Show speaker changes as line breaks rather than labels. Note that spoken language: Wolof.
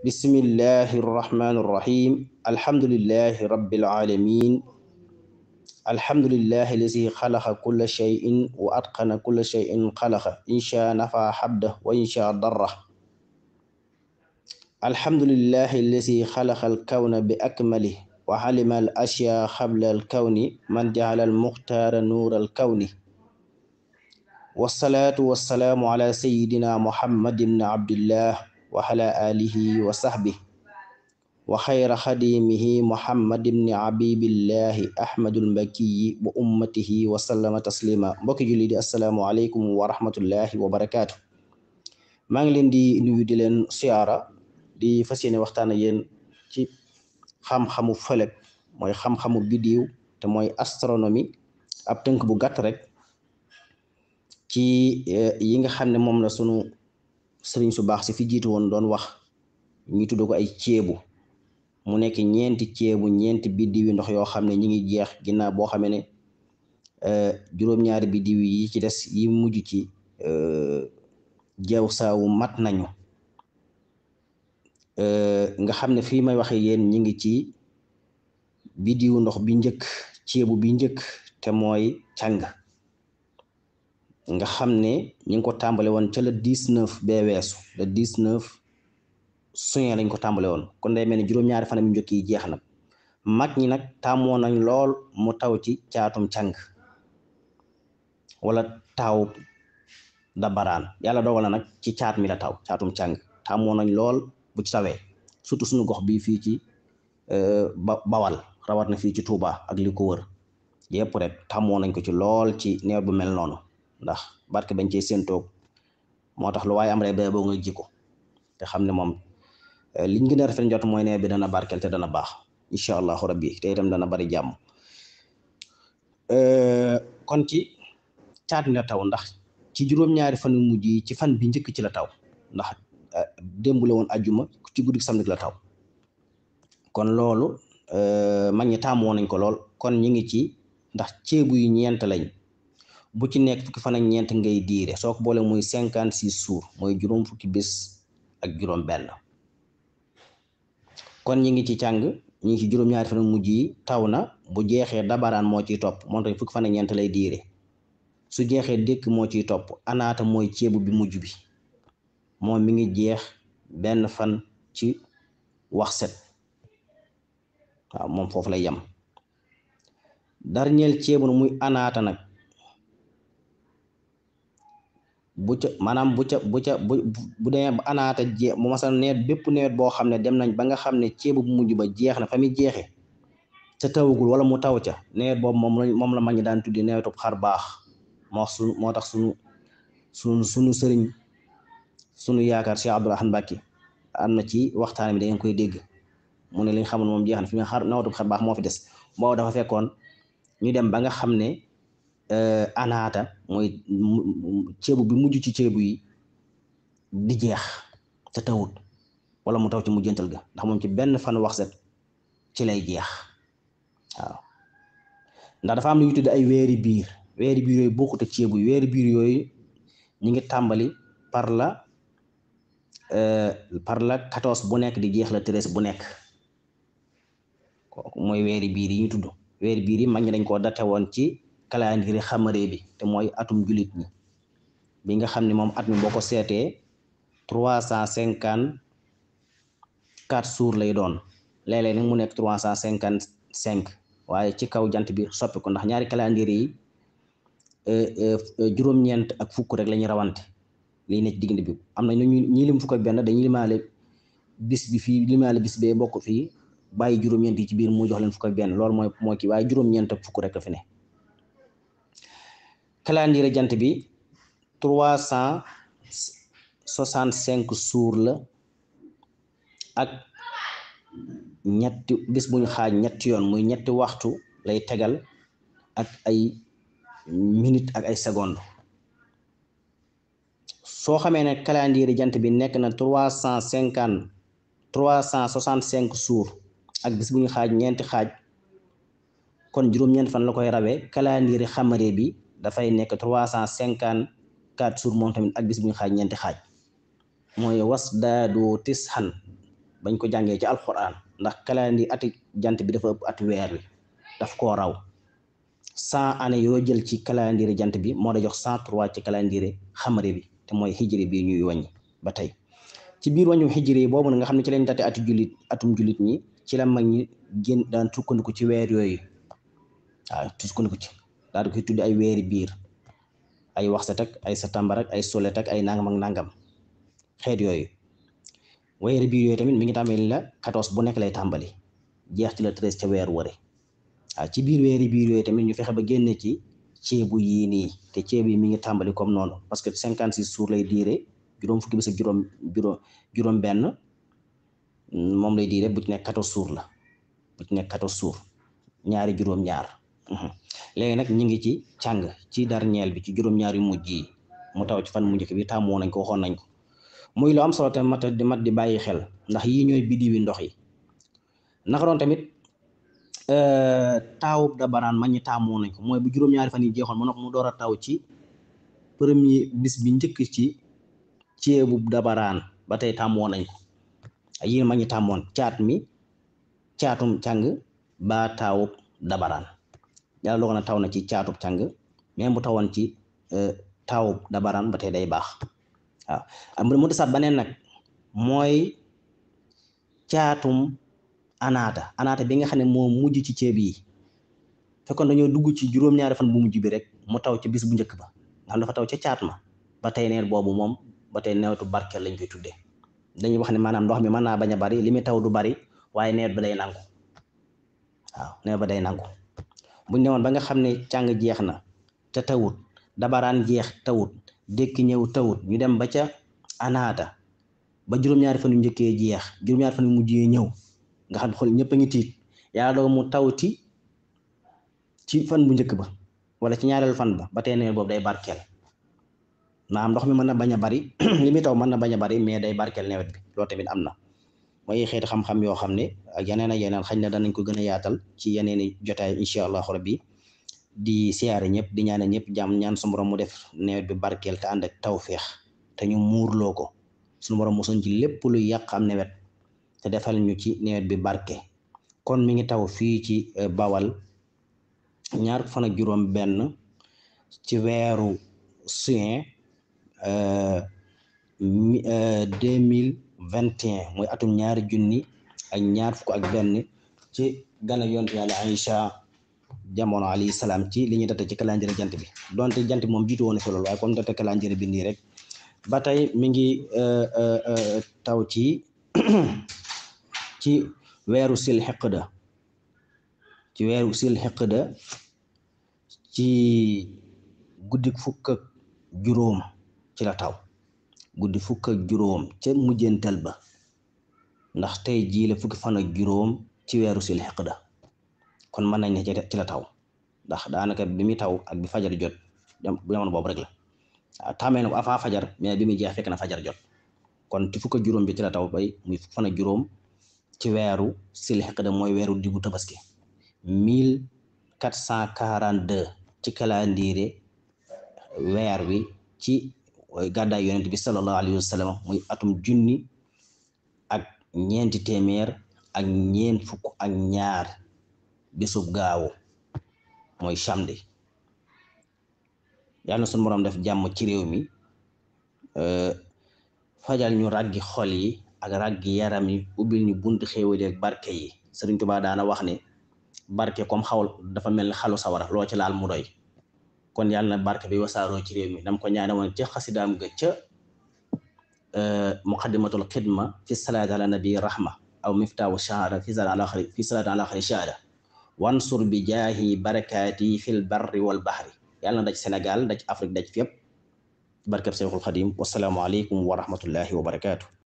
bismillahi arrahmani irrahim alhamdulilahi rabilalamin alhamdulilahi lazi xalaqa kulla cheyin wa atqana kulla cheyin xalaqa insha nafa xabda wa insha darra alhamdulilahi lazi xalaqa alkawna bi akmalih wa alima al ashya xabla alkawni man jaala almuxtaara nuura alkawni wasalaatu wasalaamu ala sayidina muhammad ibn abdillah wa ala alihi wa sahbi wa xayra xadimihi muhammad ibni abibillahi ahmadul mbakiyi wa ummatihi wa sallama taslima mbokki julli di assalaamu aleykum wa rahmatullahi wa barakaatu maa ngi leen di nuyu di leen siyaara di fas yéene waxtaan ak yéen ci xam-xamu fëlek mooy xam-xamu biddiw te mooy astronomi ab tënk bu gàtt rek ci eh, yi nga xam ne moom la sunu sëriñ su baax si fi jiitu woon doon wax ñu tudd ko ay ceebu mu nekk ñeenti ceebu ñeenti biddiw yi ndox yoo xam ne ñi ngi jeex ginnaaw boo xamee ne euh, juróom-ñaari biddiw yi ci des yi mujj ci euh, jeew saawu mat nañu euh, nga xam ne fii may waxe yéen ñi ngi ci biddiwu ndox bi njëkk ceebu bi njëkk te mooy càng nga xam ne ñi ngi ko tàmbale woon ca le 19 bee weesu le 19 juin lañ ko tàmbale woon kon day mel ni juróom-ñaari fan yu njëkk yi jeex na mag ñi nag tàmmoo nañ lool mu taw ci caatum càng wala taw dabaraan yàlla dogal na nag ci caat mi la taw caatum càng tàmmoo nañ lool bu ci tawee surtout suñu gox bii fii ci euh, bawal rawat na fii ci Touba ak li ko wër yëpp rek tàmmoo nañ ko ci lool ci neer bu mel noonu ndax barke bañ cee séentoog moo tax lu waaye am rek ba boo nga ji ko te xam ne moom euh, liñ gi a rafet njot mooy ne bi dana barkel te dana baax incha allahu rabbi te itam dana bari jàmm euh, kon ci caat na taw ndax ci juróom-ñaari yi ci fan bi njëkk ci la taw ndax euh, démb la woon ajjuma ci guddi samedi la taw kon loolu mag ñi taamu woon nañ ko lool kon ñi ngi ci ndax ceebu yu ñeent lañ bu ci nekk fukki fan ñeent ngay diire soo ko boole muy cinquante six jours mooy juróom fukki bis ak juróom benn kon ñi ngi ci càng ñi ci juróom-ñaari fan mujj yi taw na bu jeexee dabaraan moo ciy topp moom tamit fan ak lay diire su jeexee dékk moo ciy topp anaata mooy ceebu bi mujj bi moom mi ngi jeex benn fan ci waxset waaw moom foofu lay yem darñeel ceebu na muy anaata nag bu ca maanaam bu ca bu ca bu bu demee ba anaata jee mu masal nawet bépp nawet boo xam ne dem nañ ba nga xam ne ceeb bu mujj ba jeex na fa mi jeexee ca tawagul wala mu taw ca nawet boobu moom la moom la mag ñi daan tuddi nawetub xar baax moo su moo tax sunu sunu sunu sëriñ sunu yaakaar Cheikh Abdoul Ahad Mbacké am na ci waxtaan bi da koy dégg mu ne li nga moom jeex na fi mu xar nawetub xar baax moo fi des fekkoon ñu dem ba nga xam ne Euh, anaata mooy ceebu bi mujj ci ceebu yi di jeex te tawut wala mu taw ci mujjantal ga ndax moom ci benn fan wax set ci lay jeex waaw ndax dafa am lu ñu tudd ay weeri biir weeri biir yooyu bokkut ak ceebu yi weeri yooyu ñu ngi tàmbali par la euh, par la quatorze bu nekk di jeex la treize bu nekk kooku mooy weeri biir yi ñu tudd weeri biir yi mag dañ koo date woon ci calendrier xamari bi te mooy atum jullit ñi bi nga xam ne moom at mi boo ko seetee trois cent cinquante quatre jours lay doon léeg-léeg nag mu nekk trois cent cinquante cinq waaye ci kaw jant bi soppi ko ndax ñaari calendrier yi euh, euh, juróom-ñeent ak fukk rek la ñuy rawante lii ne bi am na ñu ñi lim fukk ak benn dañuy limaale bis bi fii fii bàyyi juróom-ñeent yi ci biir mu jox leen fukk ak benn loolu mooy mooy kii waaye juróom-ñeent ak fukk rek la fi ne calendrier jant bi trois cent soixante cinq suur la ak ñetti bis xaaj ñetti yoon muy ñetti waxtu lay tegal ak ay minute ak ay seconde soo xamee ne calendrier jant bi nekk na trois cent cinquante trois cent sour ak bis bu ñu xaaj ñeenti xaaj kon juróom-ñeent fan la koy rawee calendrier xamare bi dafay nekk trois cent cinquante quatre jours moom tamit ak bis bu ñu xaaj ñeenti xaaj mooy was wasdaadu tishan bañ ko jàngee ci alquran ndax calendrier at jant bi dafa ëpp at weer wi daf koo raw cent année yoo jël ci calendrier jant bi moo da jox cent trois ci calendrier xamari bi te mooy hijri bi ñuy wàññi ba tey ci biir wàññum hijri boobu na nga xam ne ci lañ tate ati jullit atum jullit ñi ci la mag ñi génn daan sukkandiku ci weer yooyu waaw sukkandiku ci daal di koy tudde ay weeri biir ay waxset ak ay satambar ak ay solet ak ay nangam ak nangam xeet yooyu weeri biir yooyu tamit mi ngi tàmbali la katoos bu nekk lay tàmbali jeex ci la treize ca weer wari waaw ci biir weeri biir yooyu tamit ñu fexe ba génne ci ceebu yii nii te ceebu yi mi ngi tàmbali comme noonu parce que cinquante six suur lay diire juróom fukki bis ak juróom juróom juróom benn moom lay diire bu ci nekk quatorze jours la bu ci nekk quatorze jours ñaari juróom-ñaar léegi nag ñu ngi ci càng ci dernier bi ci juróom-ñaar yu yi mu taw ci fan mu njëkk bi tàmmoo nañ ko waxoon nañ ko muy lu am solo te mat di mat di bàyyi xel ndax yii ñooy bidiwi ndox yi naka tamit euh, taawub da baraan ma ñi tàmmoo nañ ko mooy bu juróom-ñaari fan yi jeexoon mu na mu door taw ci premier bis bi njëkk ci ci ceebu dabaraan ba tey tàmmoo nañ ko yii ma ñi tàmmoon caat mi caatum càng ba taawub dabaraan yàlla dogal na taw na ci caatub càng même bu tawoon ci euh, taawub dabaraan ba tey day baax waaw mu desaat baneen nag mooy caatum anaata anaata bi nga xam ne moo mujj ci ceeb yi fekkoon dañoo dugg ci juróom-ñaari fan bu mujj bi rek mu taw ci bis bu njëkk ba nga xam taw ca caat ma ba tey neer boobu moom ba tey newetu barkeel lañ koy tuddee dañuy wax ne maanaam ndox mi mën naa bañ a bari li muy taw du bari waaye neer ba day nangu waaw neer ba day nangu bu ñu ba nga xam ne càng jeex na te tawut dabaraan jeex tawut dékki ñëw tawut ñu dem ba ca anaata ba juróom ñaar fan yu njëkkee jeex juróom-ñaari fan yu ñëw nga xam xool ñëpp a ngi tiit yàlla doog mu tawti ci fan bu njëkk ba wala ci ñaareel fan ba ba tey nawet day barkeel maanaam ndox mi mën na bañ bari li muy taw mën na bañ a bari mais day barkeel nawet bi loolu tamit am na. mooy xeeti xam-xam yoo xam ne ak yeneen ak yeneen xañ na danañ ko gën a yaatal ci yeneen i jotaay incha allah rabbi di siyaare ñëpp di ñaane ñëpp jàmm ñaan suñu mu def nawet bi barkeel te ànd ak tawféex te ñu muurloo ko suñu borom mosoon ci lépp luy yàq am nawet te defal ñu ci newet bi barke kon mi ngi taw fii ci euh, Bawal ñaar fan ak juróom benn ci weeru juin euh, euh, deux mille vingt et un atum ñaari junni ak ñaar fukk ak benn ci gana yonent yàlla Aïcha jamono alayhi salaam ci li ñuy date ci calendrier jant bi donte jant bi moom jiitu woon na fi loolu waaye comme date calendrier bi nii rek ba tey mi ngi euh, euh, euh, taw ci ci weeru sil xiqda ci weeru sil xiqda ci guddik fukk juróom ci la taw guddi fukk ak juróom ca mujjantal ba ndax tey jii la fukki fan ak juróom ci weeru sil da kon mën nañ ne ci la taw ndax daanaka bi muy taw ak bi fajar jot jamono boobu rek la waaw tàmmee na ko avant fajar mais bi muy jeex fekk na fajar jot kon ci fukk ak juróom bi ci la taw bay muy fukki fan ak juróom ci weeru sil xeqda mooy weeru diggu tabaski mille quatre cent quarante deux ci calendrier weer wi ci gàddaay yonent bi sallallahu alayhi wa sallam atum junni ak ñeenti téeméer ak ñeent fukk ak ñaar bésub gaaw mooy samedi yàlla na suñu borom def jàmm ci réew mi euh, fajal ñu ràggi xol yi ak ràggi yaram yi ubbil ñu buntu xéewali ak barke yi Sëriñ Tuubaa daana wax ne barke comme xawal dafa mel ni xalu sawara loo ci laal mu doy kon yàlla na barke bi wasaaroo ci réew mi dam ko ñaane woon ca xasidaam ga ca euh, muqaddimatul xidma fi salaati ala nabi rahma aw miftaahu shahaada fi fi salaati ala xari shahaada wansur bi jaahi barakaati fil barri wal bahri yàlla na daj Sénégal daj Afrique daj fépp barkeb Seexul Xadim wasalaamualeykum wa rahmatullahi wa barakaatu